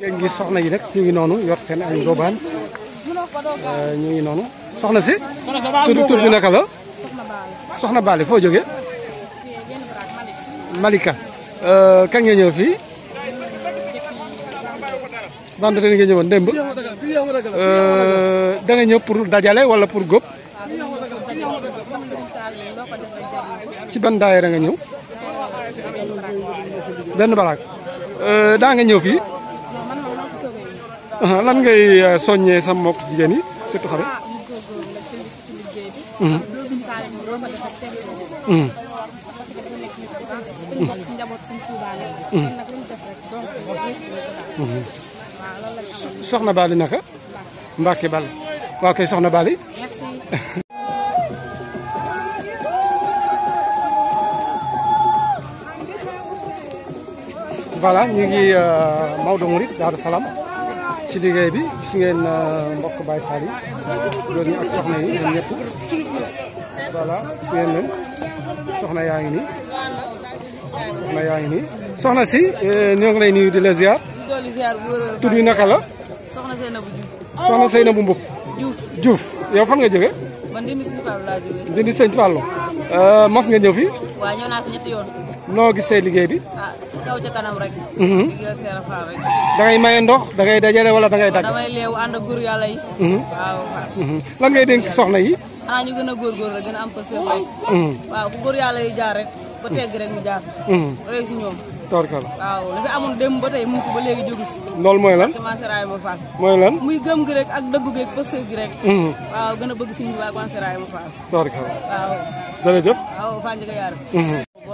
léegi ngi soxna yi nag ñu ngi noonu yor seen ay ndobaan euh, ñu ngi noonu soxna si tur tur bi naka la soxna Baale foo jógee Malika euh, kañ nga ñëw fii vendredi nga ñëwoon démb euh, da nga ñëw pour dajale wala pour góob ci ban daayira nga ñëw benn baraag daa nga ñëw fii lan ngay euh, soññee sa mbokk jigéen yi surtout xale. soxna Bali naka. Mbacke Bal waaw kay soxna Bali. voilà ñu ngi euh, Maodo Mouride Daaru Salaam. ci liggéey bi gis ngeen euh, mbokk Baye Fall yi góor ñi ak soxna yi ñoom ñëpp voilà gis ngeen leen soxna yaa ngi nii soxna yaa ngi soxna si euh, ñoo ngi lay nuyu di la ziar tur bi naka la soxna Seynabou Diouf soxna Seynabou Mboup Diouf yow fan nga jóge man dindi sëñ euh, mas nga ñëw fi waaw ñëw naa liggéey bi ah, kaw ca kanam rek. liggéeyal mhm. Seex Ibra Faal rek. da ngay maye ndox da ngay dajale wala da ngay daj. damay yi. Mhm. waaw mhm. lan ngay soxna yi. xanaa ñu gën a góorgóorlu rek gën a am pastéef rek. waaw fu góor yàlla yi jaar rek. ba tegg rek ñu jaar. rëy si ñoom. torkal waaw li fi ba tey mu ngi ba léegi jógu fi. mooy lan Manseraay ma Faal. mooy lan muy gëm gi rek ak dëggu gi ak gi rek. waaw gën a bëgg suñu waa Manseraay ma Faal. torkal waaw. jërëjëf. waaw Faal Ndiaga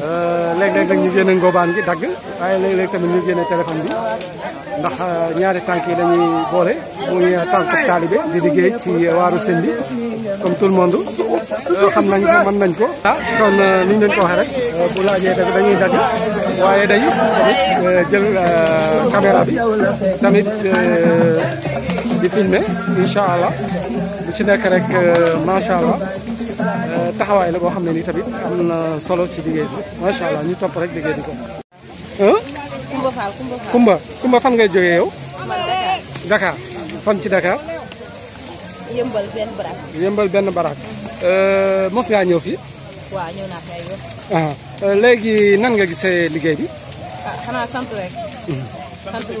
Euh, léeg-léeg nag ñu génne ngóobaan gi dagg waaye léeg-léeg tamit ñu génne téléphone bi ndax euh, ñaari tànk yi dañuy boole muy euh, tànk taalibe di liggéey ci waaru sëñ bi comme tout le monde xam nañ ko mën nañ ko. ah kon ni leen ko waxee rek bu laajee tamit dañuy dagg waaye day tamit jël caméra bi tamit di filmer incha allah bu ci nekk rek macha allah. taxawaay la boo xam ne nii tamit am na solo ci liggéey bi macha allah ñu topp rek liggéey bi ko. Kumba ci Dakar. yëmbal benn baraak. yëmbal euh, ñëw fi ay ah. euh, léegi nan nga gisee liggéey bi. ah xanaa sant rek. Hmm. sant bu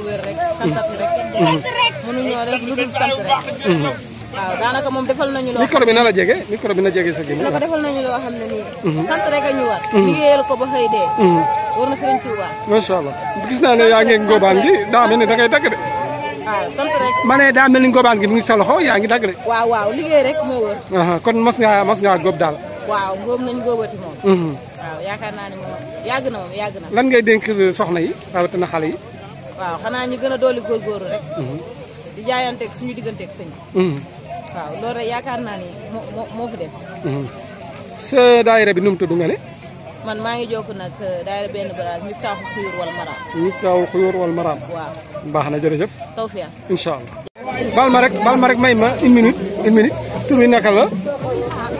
sant rek. Hmm. waaw daanaka moom defal nañu loo micro na la jege micro bi na jege sa gémmiñ naka defal nañu loo xam ne nii mhm. sant rek a ñu war mhm. liggéeyal ko ba xëy dee mhm. gis naa ne yaa ngi ngóobaan gi daa mel ni da ngay dagg de waaw sant rek ma ne daa mel ni ngóobaan gi sa loxo yaa ngi dagg de waaw waaw liggéey rek moo wër kon mas ngaa mas daal waaw góob nañ góobati moom waaw yaakaar naa ne moom yàgg na moom yàgg na lan ngay dénk soxna yi na xale yi waaw xanaa ñi gën a dooli góorgóorlu rek di jaayanteeg suñu digganteeg sëñ waaw loolu rek yaakaar naa ni moo moo fi des. sa daayira bi nu mu tudd nga ne. man maa ngi jokk nag wal maraam. ñu taaxu wal maraam. waaw baax na jërëjëf. taw fiya incha allah. bal ma rek bal ma rek may ma une minute une minute tur bi naka la.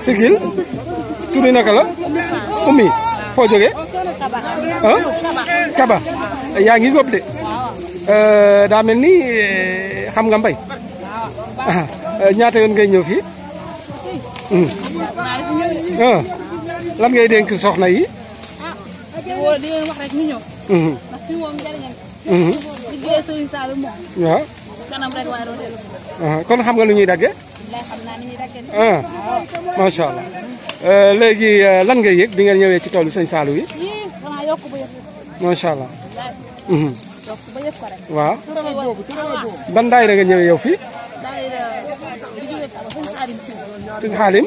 sigil Kaba. yaa ngi góob de. daa mel ni xam ñaata yoon ngay ñëw fii lan ngay dénk soxna yi di woo di leen wax rek ñu ñëw ndax fi moom njëriñam liggéey sëriñ Sall moom waaw kanam rek waaye doon dellu kon xam nga lu ñuy dagge lay xam naa ni ñuy dagge macha allah léegi lan ngay yëg bi nga ñëwee ci toolu sëñ Sall yi xanaa yokk ba yëg macha allah yokk ba yëg ko rek waaw ban daayira nga ñëwee yow fii sëñ xaalim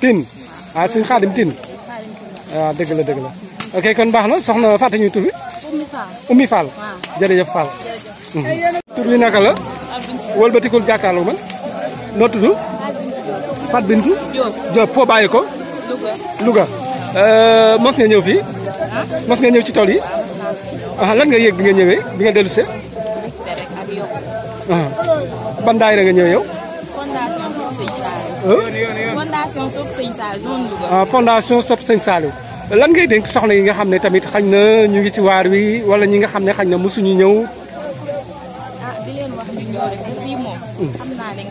tin ah sëñ xaalim tin waaw ah, dëgg la dëgg la ok kon baax na soxna fàtte ñu tur bi Oumy Fall jërëjëf Fall mhm. tur bi naka la wëlbatikul jàkkaarloo man noo tudd Fat Bintu Diop foo bàyyi ko Louga euh, mos nga ñëw fii mos nga ñëw ci tool yi ah lan nga yëg bi nga ñëwee bi nga dellu see ban nga ñëw yow fondation Sopp Sëñ Saliou zone ah, lan ngay dénk soxna yi nga xam ne tamit xañ na ñu ngi ci waar wi wala ñi nga xam ne xañ na mosuñu ñëw. ah di leen wax ñu ñëw rek te fii moom. xam naa dañ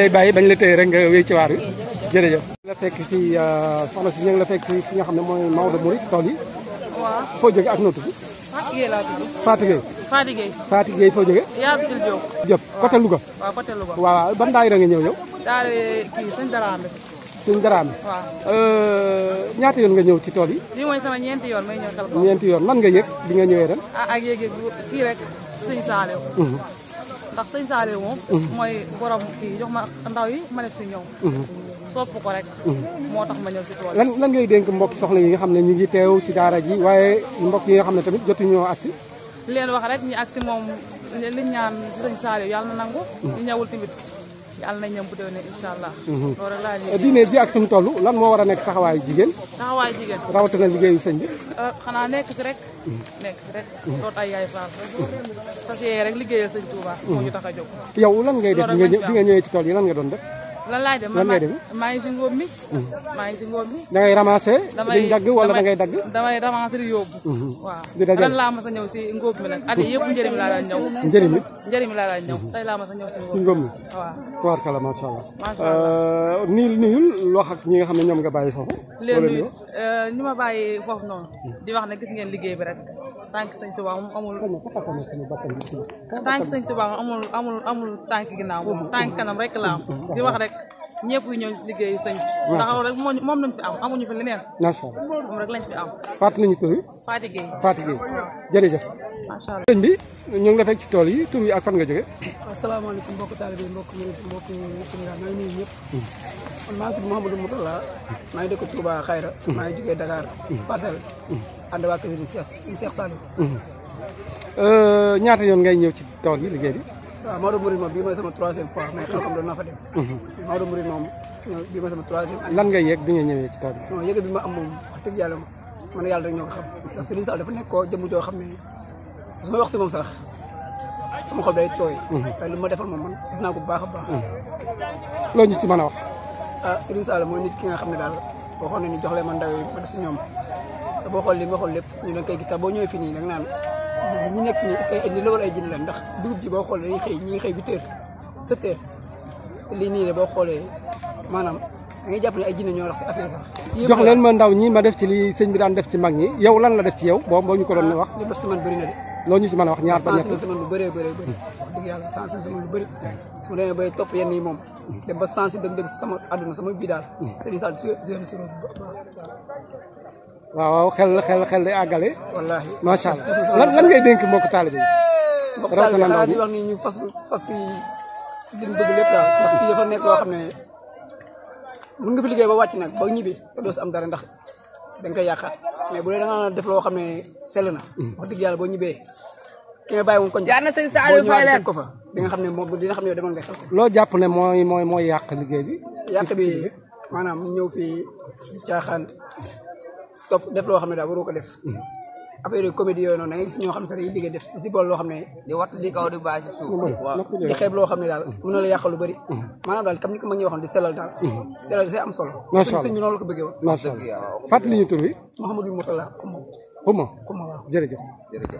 lay bàyyi bañ la téye rek nga wéy ci waar wi jërëjëf. la fekk ci ah, soxna si ñu ngi la fekk ci fi xam ne mooy Maodo Mouride tool yi. waaw foo jógee ak noo tudd. Fatou Gueye laa foo jógee. yaa ngi tudd Diop. Diop côté Louga. waaw côté Louga. waaw ban daayira nga ñëw yow. daara kii sëñ Daraame. sëñ Daraame. waaw. Euh, ñaata yoon nga ñëw ci tool yi. lii mooy sama ñeenti yoon may ñëw xel ñeenti yoon lan nga yëg bi nga ñëwee ren. ah ak yëg kii rek sëñ Salew. Mhm. ndax sëñ Salew moom. Mhm. mooy borom kii jox ma ndaw ma def si ñëw. sopp ko rek mm. moo tax ma ñëw si tool lan lan ngay dénk mbokki soxla yi nga xam ñu ngi teew ci daara ji waaye mbokk yi nga xam ne tamit jotuñoo agsi leen wax rek ñu agsi moom li ñaan sëriñ Saliou yàlla na nangu mm. ñu ñëwul tamit yàlla na ñam bu déwénee incha allah mm-hmm. rek laa ñuy diine ji ak suñu toll lan moo war a nekk taxawaayu jigéen taxawaayu jigéen rawatina liggéeyu sëñ bi euh, xanaa nekk si rek mm-hmm. nekk si rek doot ay yaay faal fas rek liggéeyal sëñ Touba mm-hmm. moo ñu tax a yow lan ngay def nga ñëwee ci tool yi lan nga doon def lan laay def lan ngay def maa ngi si ngóob mi maa ngi si ngóob mi da ngay ramassé di dagg wala da ngay dagg damay ramassé di yóbbu waaw ren laa mas a ñëw si ngóob mi nag at yi yëpp njëriñ laa daan ñëw njëriñ mi njëriñ laa daan ñëw tey laa mas a ñëw si ngóob si ngóob mi waaw tubaarkala macha allah niil niil wax ak ñi nga xam ne ñoom nga bàyyi foofu leen nuyu ñi ma bàyyi foofu noonu di wax ne gis ngeen liggéey bi rek tànk sëñ Tuubaa moom amul tànk sëñ Tuubaa amul amul amul tànk ginnaaw moom tànk kanam rek la am di wax rek ñepp yu ñew ci liggéey señ taxaw rek mom lañ fi am amuñu fi leneen ma mom rek lañ fi am fat lañu toy fatigé fatigé jëré jëf ma señ bi ñu ngi la ci tool yi tur ak fan nga joggé assalamu alaykum mbokk talibé mbokk ñu mbokk may man ma dëkk Touba Khayra mm. joggé Dakar mm. parcelle and mm. wa kër Cheikh Cheikh Salou euh ñaata yoon ngay ñew ci tool yi liggéey waaw ah, Maodo Mouride moom bii mooy sama troisième fois mais xam-xam doon naa mhm. bi nga ñëwee ci tool bi. non yëg bi ma am moom wax dëgg yàlla man yàlla xam ndax Serigne Sall dafa nekk koo jëmm joo xam ne su ma wax si moom sax sama xol day tooy. Mhm. te li ma defal moom man gis naa ko baax a baax. Mhm. loolu ñu si mën a wax. ah Serigne Sall mooy nit ki nga xam ne daal waxoon nañu jox leen man ndaw si ñoom te boo xool li ma xool lépp ñu boo ñëwee fii nii nag nga naan ñi nekk nii est-ce ay nit la jinne la ndax dugub ji boo xoolee dañuy xëy ñi ngi xëy 8h 7h lii nii la boo xoolee maanaam da ngay jàpp ne ay jinne ñoo rax si affaire sax. jox leen ma ndaw ñii ma def ci li sëñ bi daan def ci mag ñi yow lan la def ci yow boo boo ñu ko doon wax. li def si man bëri na de. loolu ñu si mën a wax ñaar ba ñett sens na si man lu bëree bëri bëri wax dëgg yàlla si moom dem ba sens dëgg-dëgg sama àdduna sama bii daal hmm. sëriñ Sall su su waaw waaw xel xel xel lay àggale. wallaahi macha allah lan lan ngay dénk mbokk taalibe yi. mbokk taalibe xanaa di wax ni ñu fas fas yi li bëgg lépp daal ndax fii dafa nekk loo xam ne mën nga fi liggéey ba wàcc nag ba ñibbi te doo si am dara ndax da nga koy yàqaat mais bu dee da nga def loo xam ne sell na. wax dëgg yàlla boo ñibbee ki nga bàyyi koñ. yaa na sëñ Saalum fay leen ko fa. di nga xam ne moom dina xam ne demal nga xel. loo jàpp ne mooy mooy mooy yàq liggéey bi. yàq bi maanaam ñëw fii caaxaan topp def loo xam ne daal waroo ko def. affaire yu comédie yooyu noonu da ngay ñoo xam ne dañuy liggéey def si bool loo xam ne. di watt si kaw di bàyyi si suuf. di xeeb loo xam ne daal mën na la yàq lu bëri. Mm-hmm. maanaam daal comme ni ko mag ñi waxoon di sellal daal. Mm-hmm. sellal di see am solo. macha allah sëñ bi noonu la ko bëggee woon. macha allah fàttali ñu tur bi. Mouhamadou Mourtala